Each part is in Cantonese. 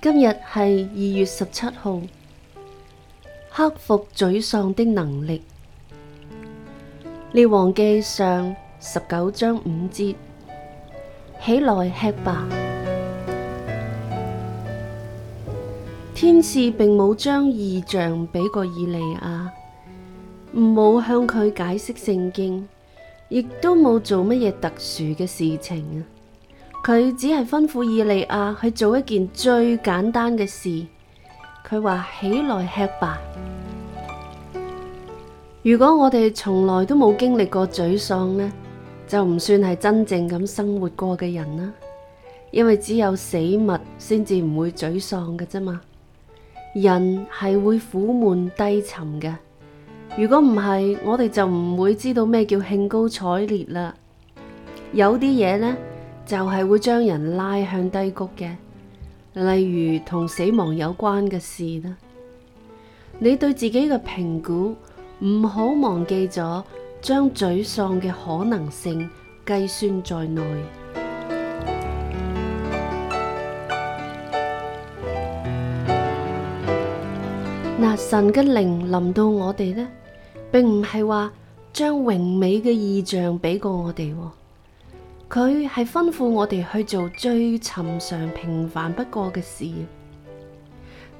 今日係二月十七號，克服沮喪的能力。列王記上十九章五節，起來吃吧。天使並冇將異象畀過以利亞，冇向佢解釋聖經，亦都冇做乜嘢特殊嘅事情。佢只係吩咐以利亞去做一件最簡單嘅事。佢話，起來吃吧。如果我哋從來都冇經歷過沮喪呢，就唔算係真正咁生活過嘅人啦。因為只有死物先至唔會沮喪嘅啫嘛。人係會苦悶低沉嘅。如果唔係，我哋就唔會知道咩叫興高采烈啦。有啲嘢呢，就係會將人拉向低谷嘅，例如同死亡有關嘅事啦。你對自己嘅評估，唔好忘記咗將沮喪嘅可能性計算在內。嗱，神嘅靈臨到我哋呢，並唔係話將榮美嘅意象俾過我哋。佢係吩咐我哋去做最尋常平凡不過嘅事，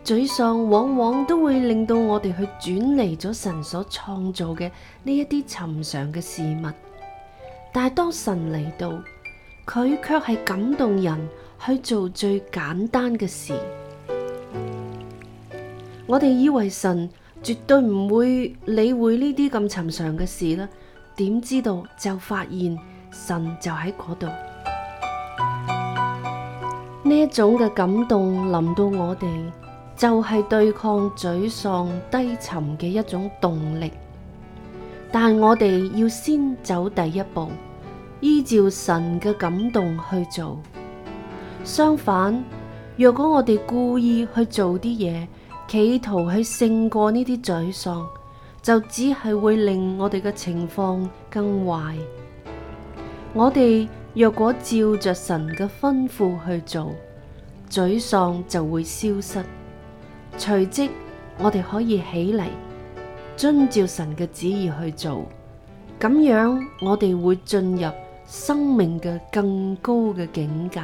嘴上往往都會令到我哋去轉離咗神所創造嘅呢一啲尋常嘅事物。但係當神嚟到，佢卻係感動人去做最簡單嘅事。我哋以為神絕對唔會理會呢啲咁尋常嘅事啦，點知道就發現。神就喺嗰度，呢一種嘅感動臨到我哋，就係對抗沮喪低沉嘅一種動力。但我哋要先走第一步，依照神嘅感動去做。相反，若果我哋故意去做啲嘢，企圖去勝過呢啲沮喪，就只係會令我哋嘅情況更壞。我哋若果照着神嘅吩咐去做，沮喪就會消失。隨即我哋可以起嚟，遵照神嘅旨意去做，咁樣我哋會進入生命嘅更高嘅境界。